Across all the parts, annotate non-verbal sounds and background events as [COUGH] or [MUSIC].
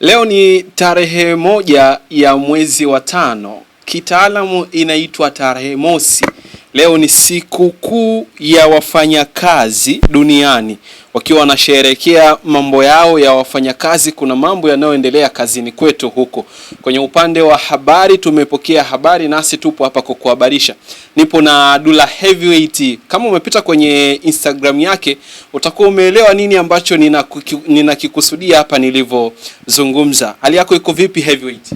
Leo ni tarehe moja ya mwezi wa tano, kitaalamu inaitwa tarehe mosi. Leo ni sikukuu ya wafanyakazi duniani, wakiwa wanasherehekea mambo yao ya wafanyakazi. Kuna mambo yanayoendelea kazini kwetu huko. Kwenye upande wa habari tumepokea habari, nasi tupo hapa kukuhabarisha. Nipo na Dula Heavyweight. Kama umepita kwenye Instagram yake utakuwa umeelewa nini ambacho ninakikusudia hapa nilivyozungumza. Hali yako iko vipi Heavyweight?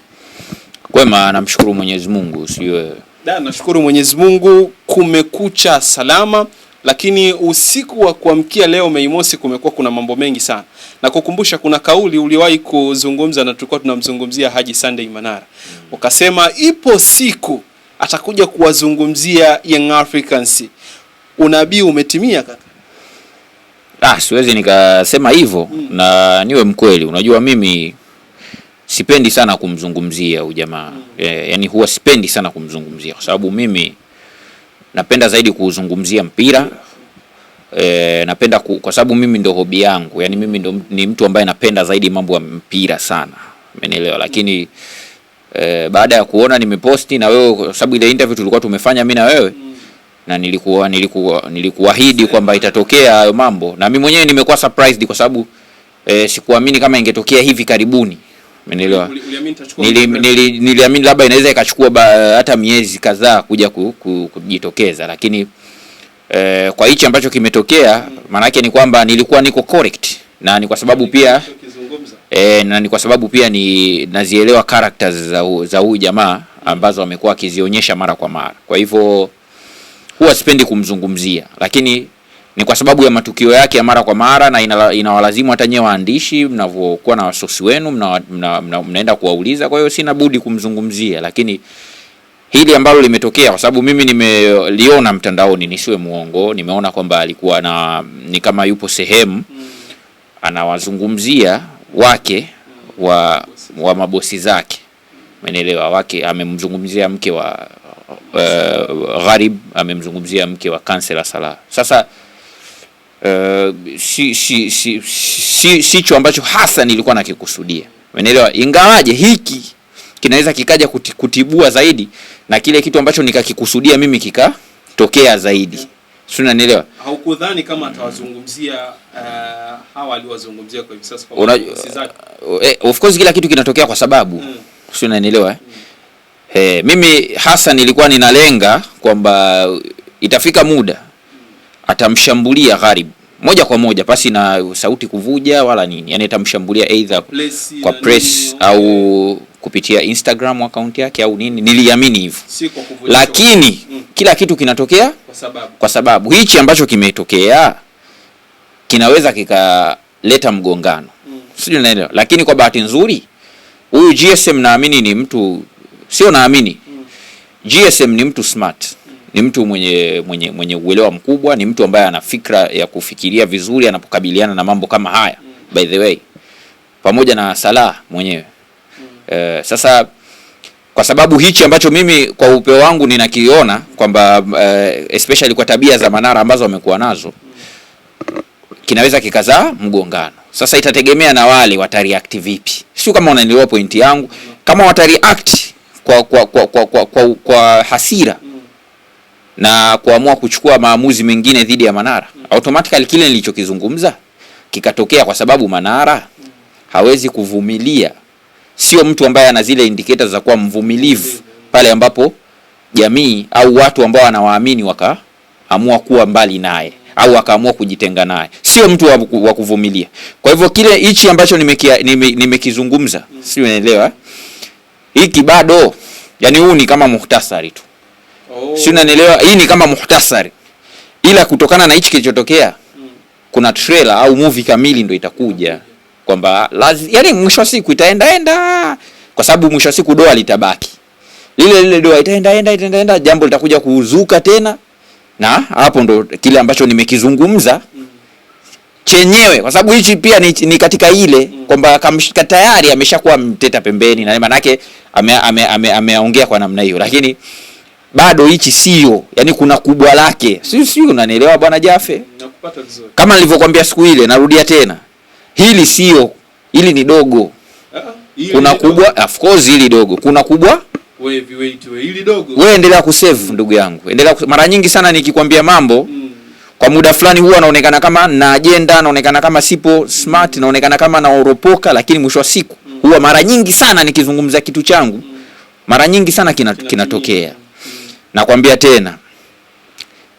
Kwema, namshukuru Mwenyezi Mungu, sio Da, nashukuru Mwenyezi Mungu kumekucha salama, lakini usiku wa kuamkia leo Mei Mosi kumekuwa kuna mambo mengi sana. Na kukumbusha kuna kauli uliwahi kuzungumza na tulikuwa tunamzungumzia Haji Sunday Manara. Ukasema ipo siku atakuja kuwazungumzia Young Africans. Unabii umetimia kaka. Ah, siwezi nikasema hivyo hmm. Na niwe mkweli, unajua mimi sipendi sana kumzungumzia huyu jamaa mm. E, yani huwa sipendi sana kumzungumzia kwa sababu mimi napenda zaidi kuuzungumzia mpira e, napenda ku, kwa sababu mimi ndo hobi yangu, yani mimi ndo, ni mtu ambaye napenda zaidi mambo ya mpira sana, umenielewa? Lakini e, baada ya kuona nimeposti na wewe, kwa sababu ile interview tulikuwa tumefanya mimi na wewe mm. na nilikuwa nilikuwa nilikuahidi kwamba itatokea hayo mambo, na mimi mwenyewe nimekuwa surprised kwa sababu eh, sikuamini kama ingetokea hivi karibuni. Umeelewa? Niliamini nili, nili labda inaweza ikachukua hata miezi kadhaa kuja kujitokeza, lakini eh, kwa hichi ambacho kimetokea mm. maanake ni kwamba nilikuwa niko correct na ni kwa sababu pia eh, na ni kwa sababu pia ni nazielewa characters za, za huyu jamaa mm. ambazo amekuwa akizionyesha mara kwa mara, kwa hivyo huwa sipendi kumzungumzia lakini ni kwa sababu ya matukio yake ya mara kwa mara, na inawalazimu ina hata nyewe waandishi mnavyokuwa na wasosi wenu mna, mna, mna, mnaenda kuwauliza. Kwa hiyo sina budi kumzungumzia, lakini hili ambalo limetokea, kwa sababu mimi nimeliona mtandaoni, nisiwe muongo, nimeona kwamba alikuwa na ni kama yupo sehemu anawazungumzia wake wa, wa mabosi zake, umeelewa? Wake amemzungumzia mke wa uh, Gharib amemzungumzia mke wa kansela Salah. Sasa si, eh, si, si, si, si, sicho ambacho hasa nilikuwa nakikusudia, umeelewa? Ingawaje hiki kinaweza kikaja kuti, kutibua zaidi na kile kitu ambacho nikakikusudia mimi kikatokea zaidi yeah. Si unanielewa? Haukudhani kama atawazungumzia uh, hawa aliwazungumzia kwa hivi sasa kwa eh, of course kila kitu kinatokea kwa sababu mm. Si unanielewa eh? Mm. Eh, mimi hasa nilikuwa ninalenga kwamba itafika muda atamshambulia Gharib moja kwa moja pasi na sauti kuvuja wala nini, yani atamshambulia either Plesi, kwa press au kupitia Instagram account yake au nini, niliamini hivyo si, lakini mm, kila kitu kinatokea kwa sababu, kwa sababu hichi ambacho kimetokea kinaweza kikaleta mgongano mm, sijui naelewa, lakini kwa bahati nzuri huyu GSM naamini ni mtu sio, naamini mm, GSM ni mtu smart ni mtu mwenye mwenye mwenye uelewa mkubwa, ni mtu ambaye ana fikra ya kufikiria vizuri anapokabiliana na mambo kama haya mm. by the way, pamoja na Salah mwenyewe mm. E, sasa kwa sababu hichi ambacho mimi kwa upeo wangu ninakiona kwamba e, especially kwa tabia za Manara ambazo wamekuwa nazo mm. kinaweza kikazaa mgongano. Sasa itategemea na wale watareact vipi, sio kama unaelewa pointi yangu, mm. kama watareact kwa kwa, kwa, kwa, kwa, kwa, kwa hasira mm na kuamua kuchukua maamuzi mengine dhidi ya Manara mm. Automatically kile nilichokizungumza kikatokea, kwa sababu Manara hawezi kuvumilia, sio mtu ambaye ana zile indicators za kuwa mvumilivu pale ambapo jamii au watu ambao anawaamini wakaamua kuwa mbali naye au akaamua kujitenga naye, sio mtu wa kuvumilia. Kwa hivyo kile hichi ambacho nimekizungumza nime, nime si unaelewa hiki bado, yani huu ni kama muhtasari tu. Oh. Si unanielewa? Hii ni kama muhtasari. Ila kutokana na hichi kilichotokea kuna trailer au movie kamili ndio itakuja kwamba yaani mwisho wa siku itaenda enda kwa sababu mwisho wa siku doa litabaki. Lile lile doa itaenda enda itaenda enda jambo litakuja kuzuka tena. Na hapo ndo kile ambacho nimekizungumza chenyewe kwa sababu hichi pia ni, ni katika ile mm. kwamba tayari ameshakuwa mteta pembeni na maana yake ameongea ame, ame, ame kwa namna hiyo lakini bado hichi sio, yani kuna kubwa lake, si si, unanielewa bwana Jafe? Kama nilivyokuambia siku ile, narudia tena, hili sio, hili ni dogo. Aa, ah, ah, kuna kubwa dogo. Of course hili dogo, kuna kubwa wewe endelea kusave ndugu yangu, endelea ku... mara nyingi sana nikikwambia mambo mm. Kwa muda fulani huwa naonekana kama na ajenda, naonekana kama sipo smart, hmm. naonekana kama naoropoka, lakini mwisho wa siku mm. Huwa mara nyingi sana nikizungumza kitu changu mm. Mara nyingi sana kinatokea kina Nakwambia tena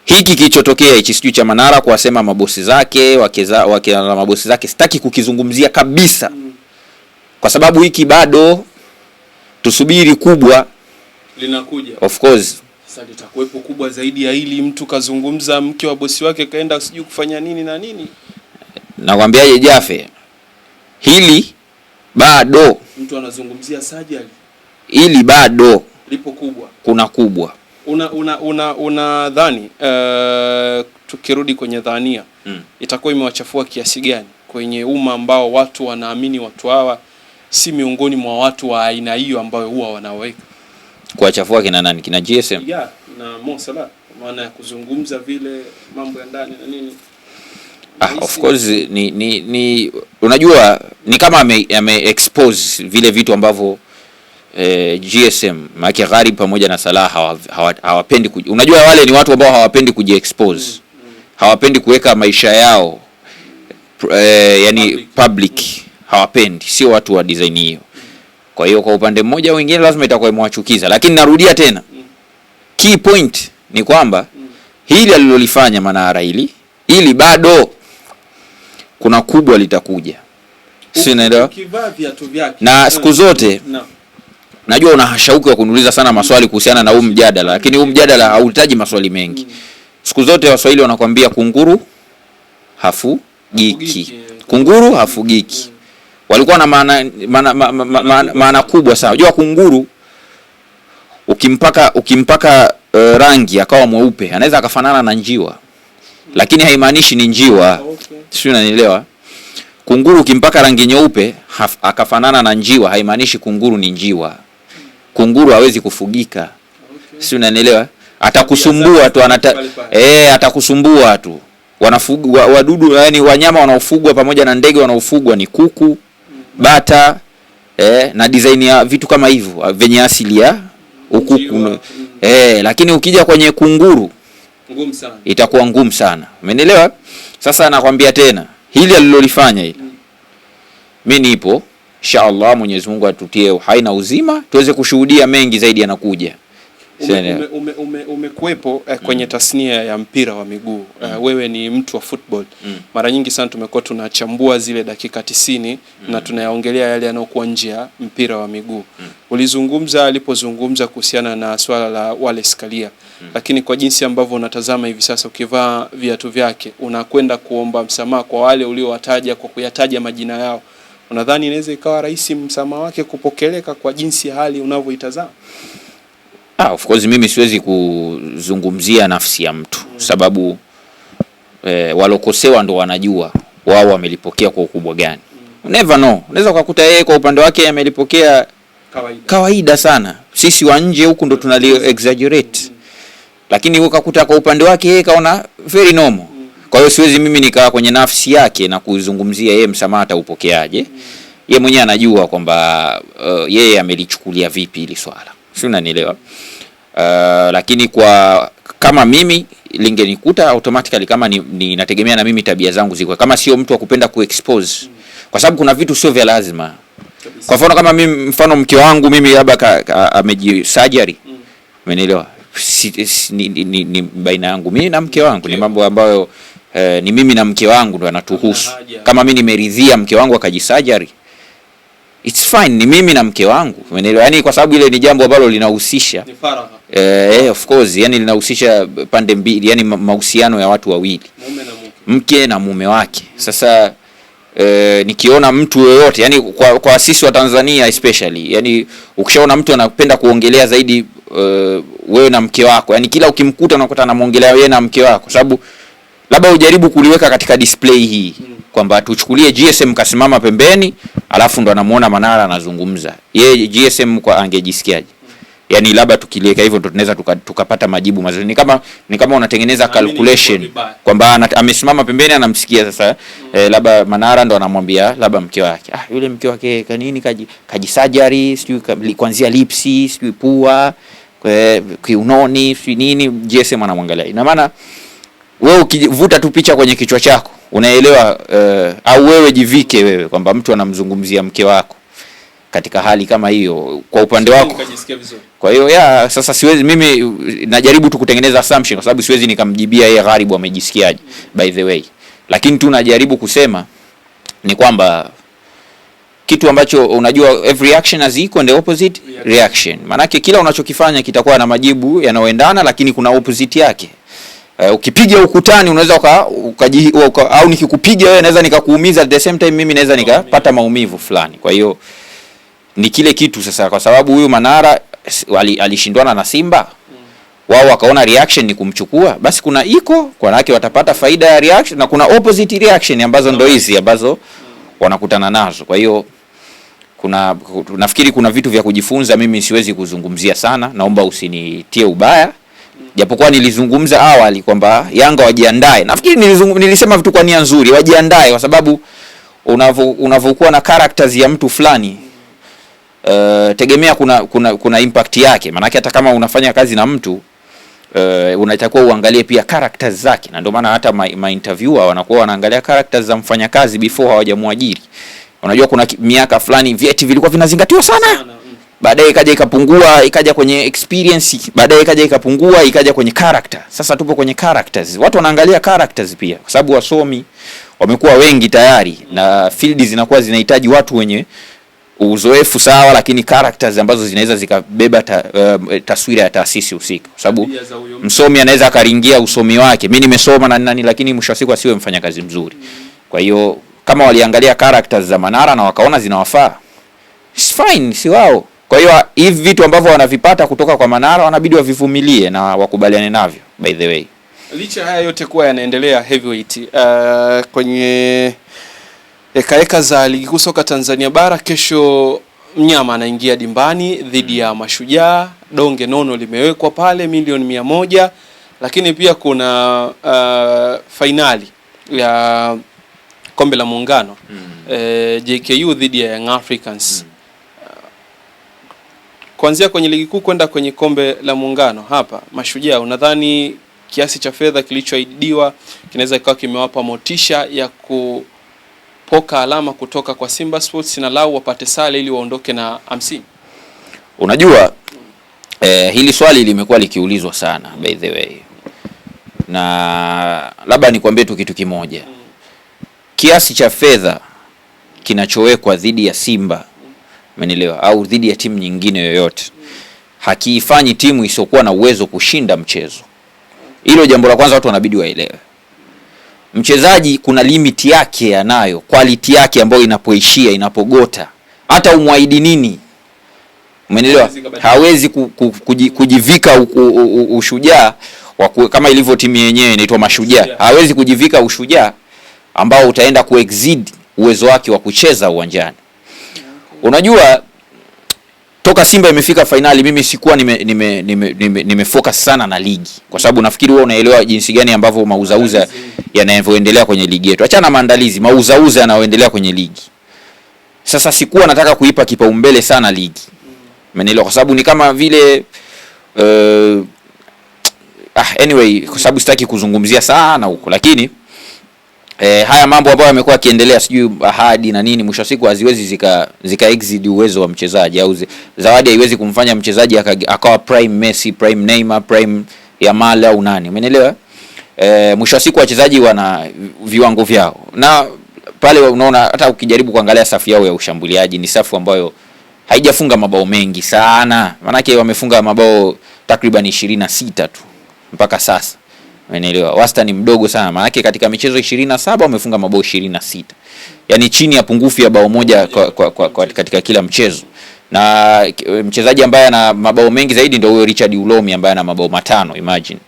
hiki kilichotokea hichi sijui cha Manara kuwasema mabosi zake wakeza, wake na mabosi zake sitaki kukizungumzia kabisa, kwa sababu hiki bado tusubiri kubwa linakuja. Of course sasa litakuwepo kubwa zaidi ya hili. Mtu kazungumza, mke wa bosi wake kaenda sijui kufanya nini na nini. Nakwambiaje Jafe, hili bado mtu anazungumzia sajali, hili bado lipo kubwa, kuna kubwa una una, una, una dhani uh, tukirudi kwenye dhania mm. itakuwa imewachafua kiasi gani kwenye umma ambao watu wanaamini watu hawa si miongoni mwa watu wa aina hiyo ambayo huwa wanaweka kuwachafua kina nani? Kina GSM yeah, na mosala maana ya kuzungumza vile mambo ya ndani na nini. Ah, of course ni, ni, ni unajua ni kama ame, ame expose vile vitu ambavyo eh, GSM maana Gari pamoja na Salah hawa, hawa, unajua wale ni watu ambao hawapendi kujiexpose mm, mm. hawapendi kuweka maisha yao eh, yani public, public. Mm. hawapendi, sio watu wa design hiyo. Kwa hiyo kwa upande mmoja wengine lazima itakuwa imewachukiza, lakini narudia tena mm. key point ni kwamba mm. hili alilolifanya Manara hili ili bado kuna kubwa litakuja, si unaelewa? na siku zote no najua una shauku ya kuniuliza sana maswali kuhusiana na huu mjadala, lakini huu mjadala hauhitaji maswali mengi. Siku zote Waswahili wanakwambia kunguru hafugiki, kunguru hafugiki. Walikuwa na maana maana, maana, maana kubwa sana. Unajua kunguru ukimpaka ukimpaka uh, rangi akawa mweupe anaweza akafanana na njiwa, lakini haimaanishi ni njiwa okay. Sio, unanielewa? Kunguru ukimpaka rangi nyeupe akafanana na njiwa haimaanishi kunguru ni njiwa. Kunguru hawezi kufugika, okay. Si unanielewa? Atakusumbua tu anata, eh, atakusumbua tu. wa, wadudu, yani wanyama wanaofugwa pamoja na ndege wanaofugwa ni kuku, bata, e, na design ya vitu kama hivyo ah, venye asili ya ukuku, eh, lakini ukija kwenye kunguru ngumu sana, itakuwa ngumu sana. umeelewa Sasa nakwambia tena hili alilolifanya hili, mimi mm. nipo Insha Allah Mwenyezi Mungu atutie uhai na uzima tuweze kushuhudia mengi zaidi yanakuja. Umekuwepo ume, ume, ume, ume eh, mm. kwenye mm. tasnia ya mpira wa miguu eh, mm. eh, wewe ni mtu wa football mm. Mara nyingi sana tumekuwa tunachambua zile dakika tisini mm. na tunayaongelea yale yanayokuwa nje ya mpira wa miguu mm. Ulizungumza alipozungumza kuhusiana na swala la Wallace Karia mm. Lakini kwa jinsi ambavyo unatazama hivi sasa, ukivaa viatu vyake unakwenda kuomba msamaha kwa wale uliowataja kwa kuyataja majina yao Unadhani inaweza ikawa rahisi msamaha wake kupokeleka kwa jinsi ya hali unavyoitazama? Ah, of course mimi siwezi kuzungumzia nafsi ya mtu mm. Sababu eh, walokosewa ndo wanajua wao wamelipokea kwa ukubwa gani mm. Never know, unaweza ukakuta yeye kwa upande wake amelipokea kawaida, kawaida sana. Sisi wa nje huku ndo tunali mm. exaggerate mm. Lakini ukakuta kwa upande wake yeye kaona very normal kwa hiyo siwezi mimi nikaa kwenye nafsi yake na kuizungumzia yeye msamaha ataupokeaje. Mm. Yeye mwenyewe anajua kwamba uh, yeye amelichukulia vipi ili swala, si unanielewa? Uh, lakini kwa kama mimi lingenikuta automatically, kama ninategemea ni na mimi tabia zangu ziko kama sio mtu wa kupenda kuexpose, kwa sababu kuna vitu sio vya lazima. Kwa mfano kama mimi, mfano mke wangu mimi labda amejisajari, umenielewa? Si, si, ni, ni, ni baina yangu mimi na mke wangu, ni mambo ambayo e, ni mimi na mke wangu ndo anatuhusu. Kama mimi nimeridhia mke wangu akajisajari, it's fine, ni mimi na mke wangu, umeelewa? Yani kwa sababu ile ni jambo ambalo linahusisha e, of course, yani linahusisha pande mbili, yani mahusiano ya watu wawili, mke, na mume wake. Sasa e, nikiona mtu yoyote yani kwa, kwa sisi wa Tanzania especially yani ukishaona mtu anapenda kuongelea zaidi Uh, wewe na mke wako, yani, kila ukimkuta unakuta anamwongelea yeye na mke wako, sababu labda ujaribu kuliweka katika display hii kwamba tuchukulie GSM kasimama pembeni, alafu ndo anamuona Manara anazungumza, yeye GSM kwa angejisikiaje? Yani labda tukiliweka hivyo ndo tunaweza tukapata tuka majibu mazuri. Ni kama ni kama unatengeneza calculation kwamba amesimama pembeni anamsikia sasa eh, mm. eh, labda Manara ndo anamwambia labda mke wake, ah, yule mke wake kanini kaji kajisajari sijui kuanzia lipsi sijui pua kwe, eh, kiunoni sijui nini. GSM anamwangalia ina maana wewe ukivuta tu picha kwenye kichwa chako unaelewa uh, au wewe jivike wewe kwamba mtu anamzungumzia mke wako katika hali kama hiyo, kwa upande wako. Kwa hiyo ya sasa, siwezi mimi, najaribu tu kutengeneza assumption, kwa sababu siwezi nikamjibia yeye Gharibu amejisikiaje, by the way, lakini tu najaribu kusema ni kwamba kitu ambacho unajua, every action has equal and opposite reaction. Maanake kila unachokifanya kitakuwa na majibu yanayoendana, lakini kuna opposite yake. Uh, ukipiga ukutani unaweza uka, uka, uka, au nikikupiga wewe naweza nikakuumiza, at the same time mimi naweza nikapata maumivu fulani. Kwa hiyo ni kile kitu sasa, kwa sababu huyu Manara alishindwana na Simba wao wakaona reaction ni kumchukua, basi kuna iko kwa nake watapata faida ya reaction na kuna opposite reaction ambazo ndo hizi ambazo wanakutana nazo. Kwa hiyo kuna nafikiri kuna vitu vya kujifunza, mimi siwezi kuzungumzia sana, naomba usinitie ubaya japokuwa nilizungumza awali kwamba Yanga wajiandae. Nafikiri nilisema vitu kwa nia nzuri, wajiandae kwa sababu unavyokuwa na characters ya mtu fulani uh, tegemea kuna, kuna, kuna impact yake, maanake hata kama unafanya kazi na mtu uh, unatakiwa uangalie pia characters zake, na ndio maana hata my, my interviewer wanakuwa wanaangalia characters za mfanyakazi before hawajamwajiri. Unajua kuna miaka fulani vyeti vilikuwa vinazingatiwa sana, sana baadaye ikaja ikapungua, ikaja kwenye experience, baadaye ikaja ikapungua, ikaja kwenye character. Sasa tupo kwenye characters, watu wanaangalia characters pia, kwa sababu wasomi wamekuwa wengi tayari na field zinakuwa zinahitaji watu wenye uzoefu sawa, lakini characters ambazo zinaweza zikabeba ta, uh, taswira ya taasisi husika, kwa sababu msomi anaweza akaringia usomi wake, mimi nimesoma na nani, lakini mwisho wa siku asiwe mfanyakazi mzuri. Kwa hiyo kama waliangalia characters za Manara na wakaona zinawafaa, it's fine, si wao kwa hiyo hivi vitu ambavyo wanavipata kutoka kwa Manara wanabidi wavivumilie na wakubaliane navyo. By the way, licha haya yote kuwa yanaendelea Heavyweight uh, kwenye hekaheka za ligi kuu soka Tanzania bara, kesho mnyama anaingia dimbani dhidi ya Mashujaa. Donge nono limewekwa pale milioni mia moja, lakini pia kuna uh, fainali ya kombe la muungano mm. uh, eh, JKU dhidi ya Young Africans mm kuanzia kwenye ligi kuu kwenda kwenye kombe la muungano hapa Mashujaa, unadhani kiasi cha fedha kilichoaidiwa kinaweza ikawa kimewapa motisha ya kupoka alama kutoka kwa Simba Sports na lau wapate sale ili waondoke na hamsini? Unajua eh, hili swali limekuwa likiulizwa sana by the way, na labda nikwambie tu kitu kimoja, mm. kiasi cha fedha kinachowekwa dhidi ya Simba Umenielewa? Au dhidi ya timu nyingine yoyote, hakiifanyi timu isiyokuwa na uwezo kushinda mchezo. Hilo jambo la kwanza watu wanabidi waelewe. Mchezaji kuna limit yake anayo, quality yake ambayo inapoishia, inapogota, hata umwaidi nini, umeelewa, hawezi ku, ku, ku, kujivika u, u, u, ushujaa wa kama ilivyo timu yenyewe inaitwa Mashujaa, hawezi kujivika ushujaa ambao utaenda kuexceed uwezo wake wa kucheza uwanjani. Unajua toka Simba imefika fainali, mimi sikuwa nime nime nime nimefocus sana na ligi, kwa sababu nafikiri wewe unaelewa jinsi gani ambavyo mauzauza yanavyoendelea kwenye ligi yetu. Achana maandalizi, mauzauza yanayoendelea kwenye ligi. Sasa sikuwa nataka kuipa kipaumbele sana ligi, umeelewa? Kwa sababu ni kama vile uh, ah, anyway, kwa sababu sitaki kuzungumzia sana huko, lakini E, haya mambo ambayo yamekuwa yakiendelea, sijui ahadi na nini, mwisho wa siku haziwezi zika, zika exit uwezo wa mchezaji au zawadi haiwezi kumfanya mchezaji akawa prime Messi, prime Neymar, prime Yamal au nani, umeelewa? E, mwisho wa siku wachezaji wana viwango vyao, na pale unaona hata ukijaribu kuangalia safu yao ya ushambuliaji ni safu ambayo haijafunga mabao mengi sana, maanake wamefunga mabao takriban 26 tu mpaka sasa. Umeelewa? Wastani mdogo sana. Maana katika michezo 27 wamefunga mabao 26. Yaani chini ya pungufu ya bao moja kwa, kwa, kwa, kwa, katika kila mchezo. Na eh, mchezaji ambaye ana mabao mengi zaidi ndio huyo Richard Ulomi ambaye ana mabao matano imagine.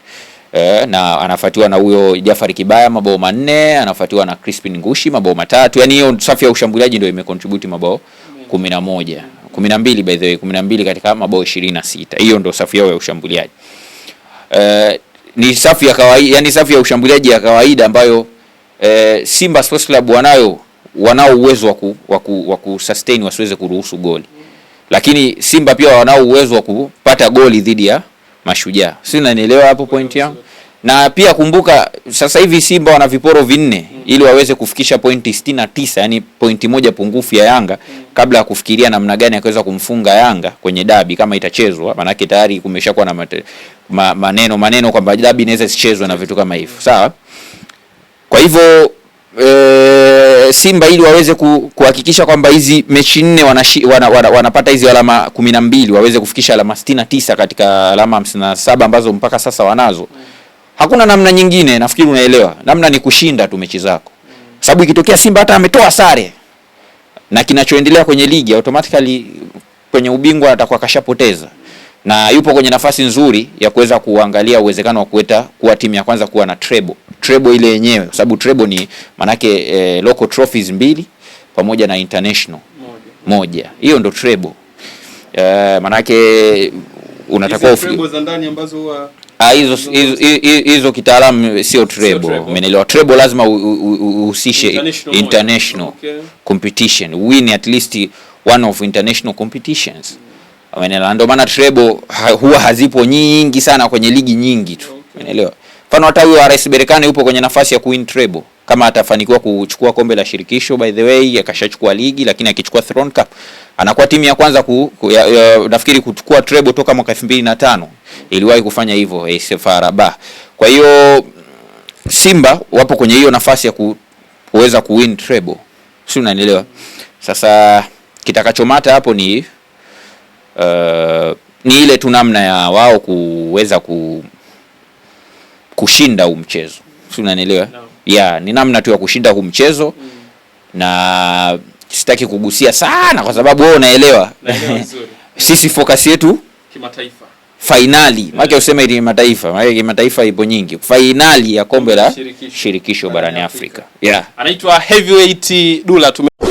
E, na anafuatiwa na huyo Jafari Kibaya mabao manne, anafuatiwa na Crispin Ngushi mabao matatu. Yaani hiyo safu ya ushambuliaji ndio imecontribute mabao 11. 12 by the way, 12 katika mabao 26. Hiyo ndio safu yao ya ushambuliaji. Eh, ni safu ya kawaida, yani safu ya ushambuliaji ya kawaida ambayo e, Simba Sports Club wanayo wanao uwezo wa ku, wa ku, sustain wasiweze kuruhusu goli, lakini Simba pia wanao uwezo wa kupata goli dhidi ya Mashujaa. Si unanielewa hapo point yangu? na pia kumbuka, sasa hivi Simba wana viporo vinne mm. ili waweze kufikisha pointi sitini na tisa yani pointi moja pungufu ya Yanga mm. kabla ya kufikiria namna gani akaweza kumfunga Yanga kwenye dabi kama itachezwa, maanake tayari kumeshakuwa na mate, ma, maneno maneno kwamba dabi inaweza isichezwe na vitu kama hivyo, sawa. Kwa hivyo e, Simba ili waweze kuhakikisha kwamba hizi mechi nne wanapata wana, wana, wana hizi alama kumi na mbili waweze kufikisha alama sitini na tisa katika alama hamsini na saba ambazo mpaka sasa wanazo Hakuna namna nyingine, nafikiri unaelewa. Namna ni kushinda tu mechi zako. Sababu ikitokea Simba hata ametoa sare na kinachoendelea kwenye ligi automatically kwenye ubingwa atakuwa kashapoteza na yupo kwenye nafasi nzuri ya kuweza kuangalia uwezekano wa kuweta kuwa timu ya kwanza kuwa na treble treble ile yenyewe, kwa sababu treble ni manake eh, local trophies mbili pamoja na international moja, hiyo ndo treble eh, manake treble za ndani ambazo huwa Ah, hizo hizo kitaalamu sio treble, umenielewa? Treble lazima uhusishe international, international okay, competition win at least one of international competitions, umenielewa? Ndio maana treble huwa hazipo nyingi sana kwenye ligi nyingi tu, umenielewa? Mfano hata huyo rais berekani yupo kwenye nafasi ya kuwin treble kama atafanikiwa kuchukua kombe la shirikisho, by the way akashachukua ligi, lakini akichukua Throne Cup anakuwa timu ya kwanza ku, ku, ya, ya, nafikiri kuchukua treble toka mwaka 2005 iliwahi kufanya hivyo AS FAR Rabat. Kwa hiyo Simba wapo kwenye hiyo nafasi ya kuweza kuwin treble, si unanielewa? Sasa kitakachomata hapo ni uh, ni ile tu namna ya wao kuweza ku, kushinda huu mchezo, si unanielewa? No. Yeah, ni namna tu ya kushinda huu mchezo mm. na sitaki kugusia sana kwa sababu wewe unaelewa [LAUGHS] sisi focus yetu kimataifa fainali maana useme ile mataifa maana kimataifa ipo nyingi, fainali ya kombe la shirikisho barani Afrika. Yeah, anaitwa Heavyweight tume